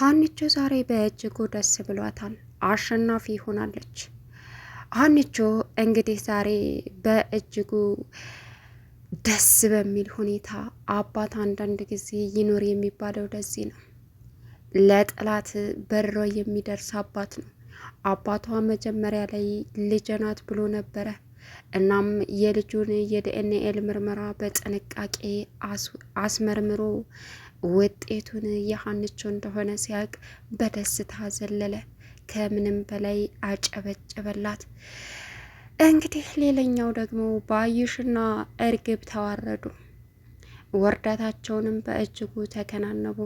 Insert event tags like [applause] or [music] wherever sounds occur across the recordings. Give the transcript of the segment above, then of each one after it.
ሀኒቾ ዛሬ በእጅጉ ደስ ብሏታል። አሸናፊ ሆናለች። ሀኒቾ እንግዲህ ዛሬ በእጅጉ ደስ በሚል ሁኔታ አባት አንዳንድ ጊዜ ይኖር የሚባለው ለዚህ ነው። ለጠላት በሮ የሚደርስ አባት ነው። አባቷ መጀመሪያ ላይ ልጄ ናት ብሎ ነበረ። እናም የልጁን የዲኤንኤ ምርመራ በጥንቃቄ አስመርምሮ ውጤቱን የሀንቾ እንደሆነ ሲያውቅ በደስታ ዘለለ። ከምንም በላይ አጨበጨበላት። እንግዲህ ሌላኛው ደግሞ ባዩሽና እርግብ ተዋረዱ። ወርዳታቸውንም በእጅጉ ተከናነቡ።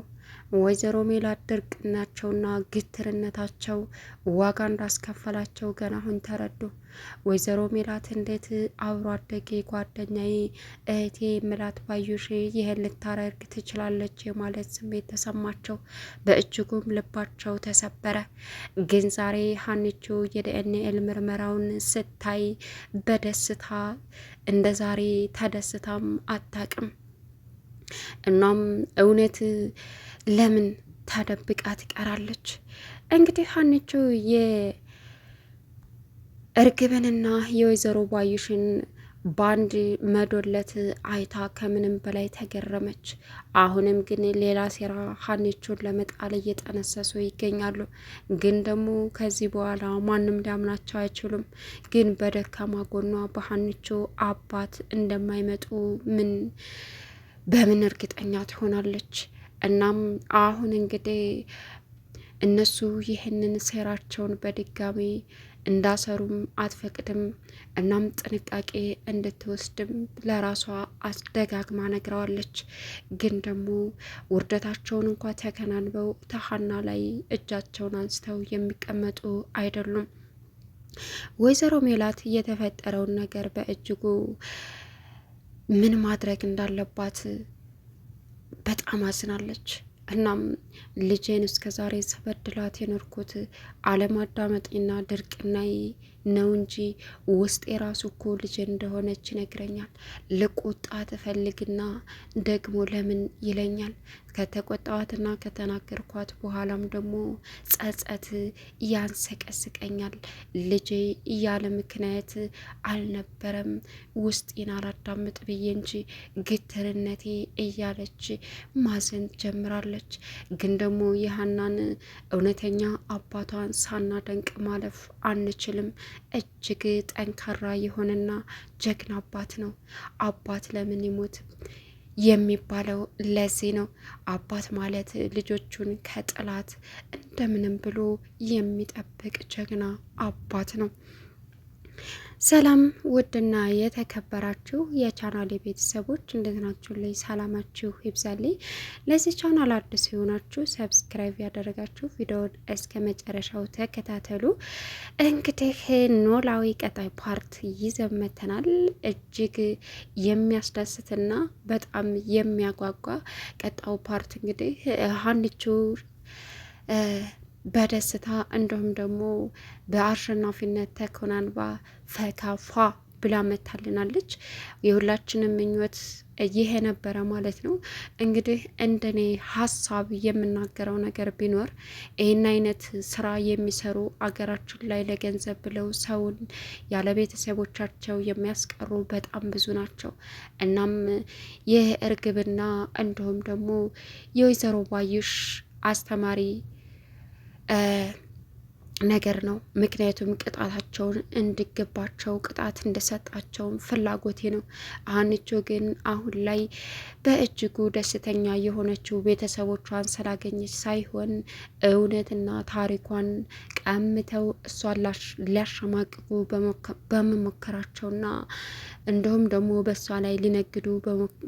ወይዘሮ ሜላት ድርቅናቸውና ግትርነታቸው ዋጋ እንዳስከፈላቸው ገና አሁን ተረዱ። ወይዘሮ ሜላት እንዴት አብሮ አደጌ ጓደኛዬ፣ እህቴ ምላት ባዩሽ ይህን ልታረግ ትችላለች የማለት ስሜት ተሰማቸው። በእጅጉም ልባቸው ተሰበረ። ግን ዛሬ ሀኒቾ የዲኤንኤ ምርመራውን ስታይ በደስታ እንደ ዛሬ ተደስታም አታቅም። እናም እውነት ለምን ታደብቃ ትቀራለች? እንግዲህ ሀንቹ የእርግብንና የወይዘሮ ባዩሽን በአንድ መዶለት አይታ ከምንም በላይ ተገረመች። አሁንም ግን ሌላ ሴራ ሀንቹን ለመጣል እየጠነሰሱ ይገኛሉ። ግን ደግሞ ከዚህ በኋላ ማንም ሊያምናቸው አይችሉም። ግን በደካማ ጎኗ በሀንቹ አባት እንደማይመጡ ምን በምን እርግጠኛ ትሆናለች? እናም አሁን እንግዲህ እነሱ ይህንን ሴራቸውን በድጋሚ እንዳሰሩም አትፈቅድም። እናም ጥንቃቄ እንድትወስድም ለራሷ አስደጋግማ ነግረዋለች። ግን ደግሞ ውርደታቸውን እንኳ ተከናንበው ተሀና ላይ እጃቸውን አንስተው የሚቀመጡ አይደሉም። ወይዘሮ ሜላት የተፈጠረውን ነገር በእጅጉ ምን ማድረግ እንዳለባት በጣም አዝናለች። እናም ልጄን እስከ ዛሬ ስበድላት የኖርኩት አለማዳመጤና ድርቅናዬ ነው እንጂ ውስጤ ራሱ እኮ ልጅ እንደሆነች ይነግረኛል። ልቆጣ ትፈልግና ደግሞ ለምን ይለኛል። ከተቆጣዋትና ከተናገርኳት በኋላም ደግሞ ጸጸት ያንሰቀስቀኛል። ልጄ እያለ ምክንያት አልነበረም ውስጤን አላዳምጥ ብዬ እንጂ ግትርነቴ እያለች ማዘን ጀምራለች። ግን ደግሞ የሀናን እውነተኛ አባቷን ሳናደንቅ ማለፍ አንችልም። እጅግ ጠንካራ የሆነና ጀግና አባት ነው። አባት ለምን ይሞት የሚባለው ለዚህ ነው። አባት ማለት ልጆቹን ከጠላት እንደምንም ብሎ የሚጠብቅ ጀግና አባት ነው። ሰላም ውድና የተከበራችሁ የቻናሌ ቤተሰቦች እንዴት ናችሁ? ላይ ሰላማችሁ ይብዛልኝ። ለዚህ ቻናል አዲስ የሆናችሁ ሰብስክራይብ ያደረጋችሁ ቪዲዮውን እስከ መጨረሻው ተከታተሉ። እንግዲህ ኖላዊ ቀጣይ ፓርት ይዘመተናል። እጅግ የሚያስደስትና በጣም የሚያጓጓ ቀጣው ፓርት እንግዲህ ሀንቹ በደስታ እንዲሁም ደግሞ በአሸናፊነት ተኮናንባ ፈካፏ ብላ መታልናለች። የሁላችንም ምኞት ይሄ ነበረ ማለት ነው። እንግዲህ እንደኔ ሀሳብ የምናገረው ነገር ቢኖር ይህን አይነት ስራ የሚሰሩ አገራችን ላይ ለገንዘብ ብለው ሰውን ያለ ቤተሰቦቻቸው የሚያስቀሩ በጣም ብዙ ናቸው። እናም ይህ እርግብና እንዲሁም ደግሞ የወይዘሮ ባዩሽ አስተማሪ 哎。ነገር ነው። ምክንያቱም ቅጣታቸውን እንዲገባቸው ቅጣት እንደሰጣቸውም ፍላጎቴ ነው። ሀኒቾ ግን አሁን ላይ በእጅጉ ደስተኛ የሆነችው ቤተሰቦቿን ስላገኘች ሳይሆን እውነትና ታሪኳን ቀምተው እሷን ሊያሸማቅቁ በመሞከራቸውና እንዲሁም ደግሞ በእሷ ላይ ሊነግዱ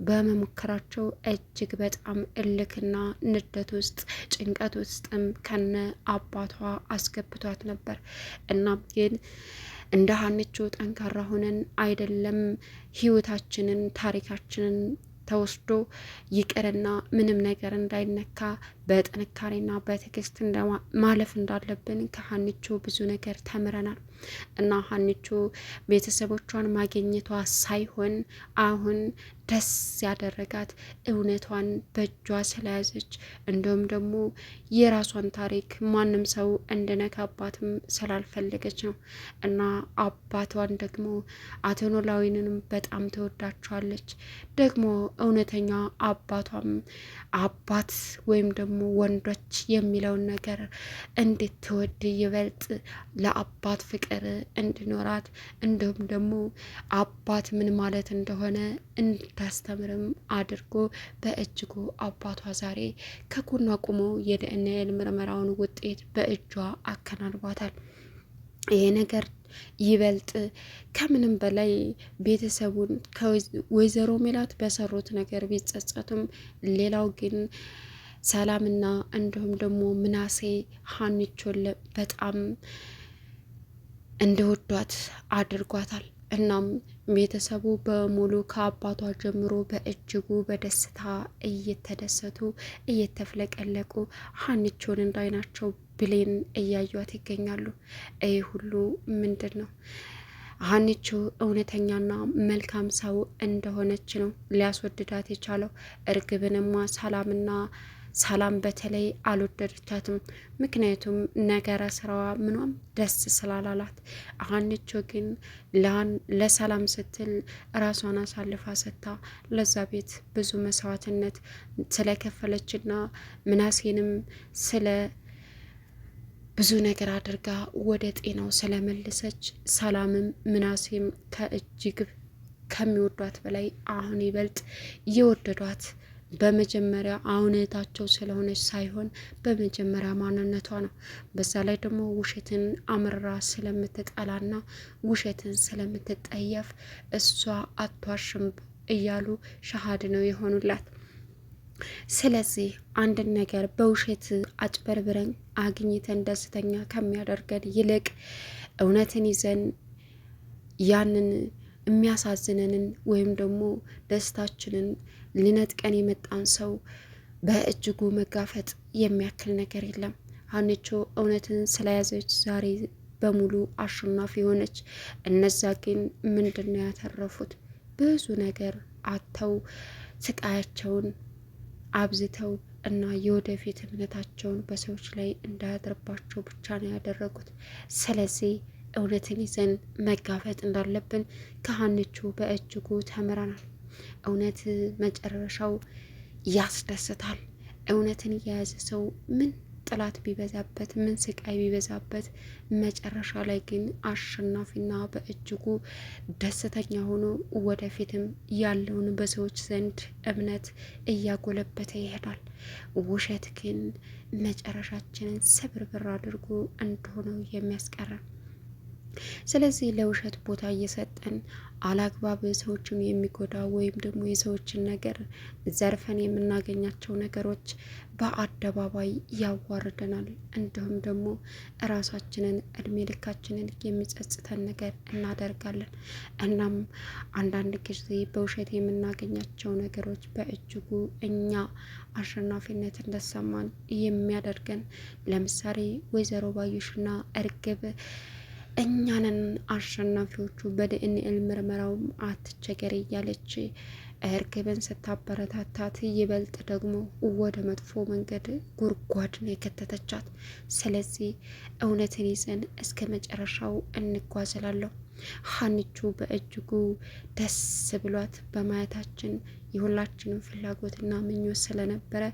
በመሞከራቸው እጅግ በጣም እልክና ንደት ውስጥ ጭንቀት ውስጥም ከነ አባቷ አስገብቷል። አጫውቷት ነበር። እናም ግን እንደ ሀንቹ ጠንካራ ሆነን አይደለም ህይወታችንን ታሪካችንን ተወስዶ ይቅርና ምንም ነገር እንዳይነካ በጥንካሬና በትዕግስት ማለፍ እንዳለብን ከሀኒቾ ብዙ ነገር ተምረናል እና ሀኒቾ ቤተሰቦቿን ማግኘቷ ሳይሆን አሁን ደስ ያደረጋት እውነቷን በእጇ ስለያዘች እንዲሁም ደግሞ የራሷን ታሪክ ማንም ሰው እንድነካባትም ስላልፈለገች ነው እና አባቷን ደግሞ አቶ በጣም ትወዳቸዋለች። ደግሞ እውነተኛ አባቷም አባት ወይም ደግሞ ወንዶች የሚለውን ነገር እንድትወድ ይበልጥ ለአባት ፍቅር እንዲኖራት እንዲሁም ደግሞ አባት ምን ማለት እንደሆነ እንድታስተምርም አድርጎ በእጅጉ አባቷ ዛሬ ከጎኗ ቁሞ የዲኤንኤ ምርመራውን ውጤት በእጇ አከናንቧታል። ይሄ ነገር ይበልጥ ከምንም በላይ ቤተሰቡን ወይዘሮ ሜላት በሰሩት ነገር ቢጸጸቱም ሌላው ግን ሰላምና እንዲሁም ደግሞ ምናሴ ሀኒቾን በጣም እንደወዷት አድርጓታል። እናም ቤተሰቡ በሙሉ ከአባቷ ጀምሮ በእጅጉ በደስታ እየተደሰቱ እየተፍለቀለቁ ሀኒቾን እንዳይናቸው ብሌን እያዩት ይገኛሉ። ይህ ሁሉ ምንድን ነው? ሀኒቾ እውነተኛና መልካም ሰው እንደሆነች ነው ሊያስወድዳት የቻለው። እርግብንማ ሰላምና ሰላም በተለይ አልወደደቻትም። ምክንያቱም ነገረ ስራዋ ምኗም ደስ ስላላላት። አሀንቾ ግን ለሰላም ስትል ራሷን አሳልፋ ሰጥታ ለዛ ቤት ብዙ መስዋዕትነት ስለከፈለችና ምናሴንም ስለ ብዙ ነገር አድርጋ ወደ ጤናው ስለመልሰች ሰላምም ምናሴም ከእጅግ ከሚወዷት በላይ አሁን ይበልጥ የወደዷት በመጀመሪያ እውነታቸው ስለሆነች ሳይሆን በመጀመሪያ ማንነቷ ነው። በዛ ላይ ደግሞ ውሸትን ስለምትጠላ ስለምትጠላና ውሸትን ስለምትጠየፍ እሷ አቷሽም እያሉ ሻሃድ ነው የሆኑላት። ስለዚህ አንድን ነገር በውሸት አጭበርብረን አግኝተን ደስተኛ ከሚያደርገን ይልቅ እውነትን ይዘን ያንን የሚያሳዝነንን ወይም ደግሞ ደስታችንን ሊነጥቀን የመጣን ሰው በእጅጉ መጋፈጥ የሚያክል ነገር የለም። ሀኒቾ እውነትን ስለያዘች ዛሬ በሙሉ አሸናፊ ሆነች። እነዛ ግን ምንድን ነው ያተረፉት? ብዙ ነገር አጥተው ስቃያቸውን አብዝተው እና የወደፊት እምነታቸውን በሰዎች ላይ እንዳያድርባቸው ብቻ ነው ያደረጉት። ስለዚህ እውነትን ይዘን መጋፈጥ እንዳለብን ከሀንቹ በእጅጉ ተምረናል። እውነት መጨረሻው ያስደስታል። እውነትን የያዘ ሰው ምን ጥላት ቢበዛበት ምን ስቃይ ቢበዛበት መጨረሻ ላይ ግን አሸናፊና በእጅጉ ደስተኛ ሆኖ ወደፊትም ያለውን በሰዎች ዘንድ እምነት እያጎለበተ ይሄዳል። ውሸት ግን መጨረሻችንን ስብርብር አድርጎ እንደሆነው የሚያስቀረን ስለዚህ ለውሸት ቦታ እየሰጠን አላግባብ ሰዎችን የሚጎዳ ወይም ደግሞ የሰዎችን ነገር ዘርፈን የምናገኛቸው ነገሮች በአደባባይ ያዋርደናል። እንዲሁም ደግሞ እራሳችንን እድሜ ልካችንን የሚጸጽተን ነገር እናደርጋለን። እናም አንዳንድ ጊዜ በውሸት የምናገኛቸው ነገሮች በእጅጉ እኛ አሸናፊነት እንደሰማን የሚያደርገን ለምሳሌ ወይዘሮ ባዩሽና እርግብ እኛንን አሸናፊዎቹ በዲኤንኤ ምርመራውም አትቸገር እያለች እርግብን ስታበረታታት ይበልጥ ደግሞ ወደ መጥፎ መንገድ ጉድጓድ ነው የከተተቻት። ስለዚህ እውነትን ይዘን እስከ መጨረሻው እንጓዝላለሁ። ሀንቹ በእጅጉ ደስ ብሏት በማየታችን የሁላችንም ፍላጎትና ምኞት ስለነበረ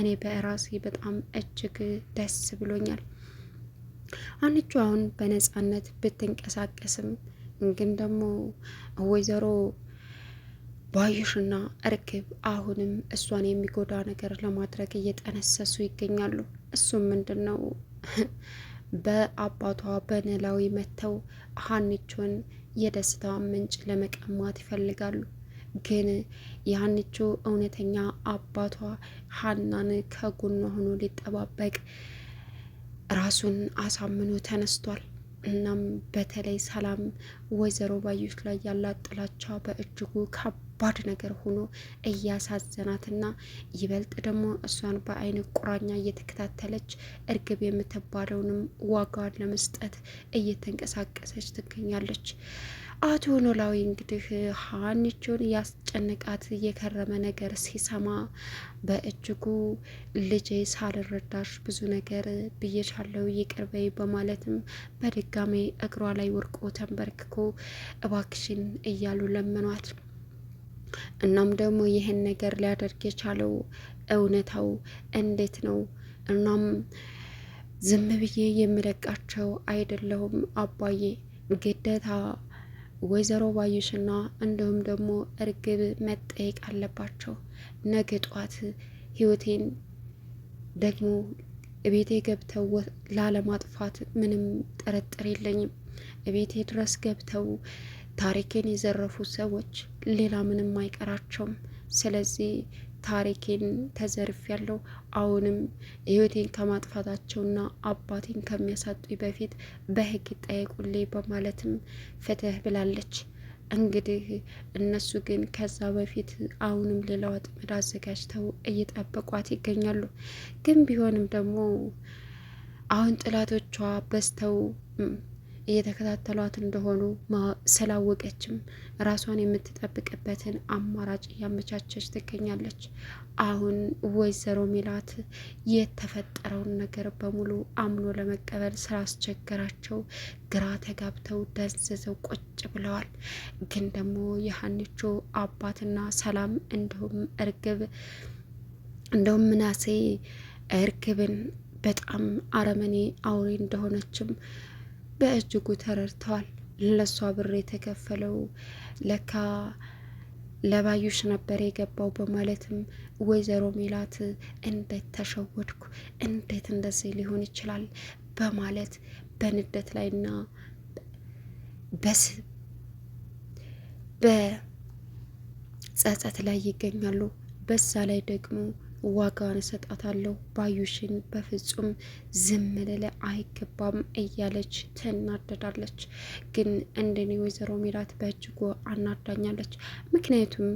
እኔ በራሴ በጣም እጅግ ደስ ብሎኛል። አንቹ አሁን በነጻነት ብትንቀሳቀስም ግን ደግሞ ወይዘሮ ባዩሽና እርግብ አሁንም እሷን የሚጎዳ ነገር ለማድረግ እየጠነሰሱ ይገኛሉ። እሱም ምንድን ነው [laughs] በአባቷ በኖላዊ መጥተው ሀንቹን የደስታ ምንጭ ለመቀማት ይፈልጋሉ። ግን የሀንቾ እውነተኛ አባቷ ሀናን ከጎኗ ሆኖ ሊጠባበቅ ራሱን አሳምኖ ተነስቷል። እናም በተለይ ሰላም ወይዘሮ ባዩሽ ላይ ያላት ጥላቻ በእጅጉ ከባድ ነገር ሆኖ እያሳዘናትና ይበልጥ ደግሞ እሷን በአይን ቁራኛ እየተከታተለች እርግብ የምትባለውንም ዋጋዋን ለመስጠት እየተንቀሳቀሰች ትገኛለች። አቶ ኖላዊ እንግዲህ ሀኒቾን ያስጨንቃት የከረመ ነገር ሲሰማ በእጅጉ ልጄ ሳልረዳሽ ብዙ ነገር ብዬሻለው ይቅርበይ በማለትም በድጋሜ እግሯ ላይ ወርቆ ተንበርክኮ እባክሽን እያሉ ለመኗት። እናም ደግሞ ይህን ነገር ሊያደርግ የቻለው እውነታው እንዴት ነው? እናም ዝም ብዬ የምለቃቸው አይደለሁም አባዬ ግደታ ወይዘሮ ባዩሽና እንዲሁም ደግሞ እርግብ መጠየቅ አለባቸው። ነገ ጧት ህይወቴን ደግሞ እቤቴ ገብተው ላለማጥፋት ምንም ጥርጥር የለኝም። እቤቴ ድረስ ገብተው ታሪኬን የዘረፉ ሰዎች ሌላ ምንም አይቀራቸውም። ስለዚህ ታሪኬን ተዘርፍ ያለው አሁንም ህይወቴን ከማጥፋታቸውና አባቴን ከሚያሳጡኝ በፊት በህግ ይጠየቁልኝ በማለትም ፍትህ ብላለች። እንግዲህ እነሱ ግን ከዛ በፊት አሁንም ሌላ ወጥመድ አዘጋጅተው እየጠበቋት ይገኛሉ። ግን ቢሆንም ደግሞ አሁን ጥላቶቿ በዝተው እየተከታተሏት እንደሆኑ ስላወቀችም ራሷን የምትጠብቅበትን አማራጭ እያመቻቸች ትገኛለች። አሁን ወይዘሮ ሜላት የተፈጠረውን ነገር በሙሉ አምኖ ለመቀበል ስላስቸገራቸው ግራ ተጋብተው ደንዝዘው ቁጭ ብለዋል። ግን ደግሞ የሀኒቾ አባትና ሰላም እንዲሁም እርግብ እንደውም ምናሴ እርግብን በጣም አረመኔ አውሬ እንደሆነችም በእጅጉ ተረድተዋል። ለሷ ብር የተከፈለው ለካ ለባዩሽ ነበር የገባው በማለትም ወይዘሮ ሜላት እንዴት ተሸወድኩ፣ እንዴት እንደዚህ ሊሆን ይችላል በማለት በንዴት ላይና በጸጸት ላይ ይገኛሉ። በዛ ላይ ደግሞ ዋጋን እሰጣታለሁ። ባዩሽን በፍጹም ዝም ልል አይገባም እያለች ትናደዳለች። ግን እንደኔ ወይዘሮ ሚላት በእጅጉ አናዳኛለች። ምክንያቱም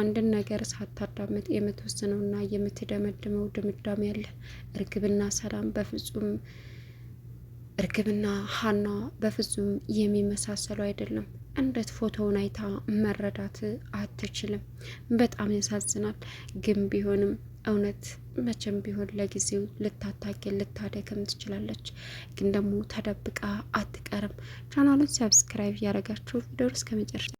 አንድን ነገር ሳታዳምጥ የምትወስነውና የምትደመድመው ድምዳሜ አለ። እርግብና ሰላም በፍጹም እርግብና ሀና በፍጹም የሚመሳሰሉ አይደለም። እንዴት ፎቶውን አይታ መረዳት አትችልም? በጣም ያሳዝናል። ግን ቢሆንም እውነት መቼም ቢሆን ለጊዜው ልታታገል ልታደክም ትችላለች፣ ግን ደግሞ ተደብቃ አትቀርም። ቻናሉን ሰብስክራይብ እያደረጋችሁ ቪዲዮውን እስከ መጨረሻ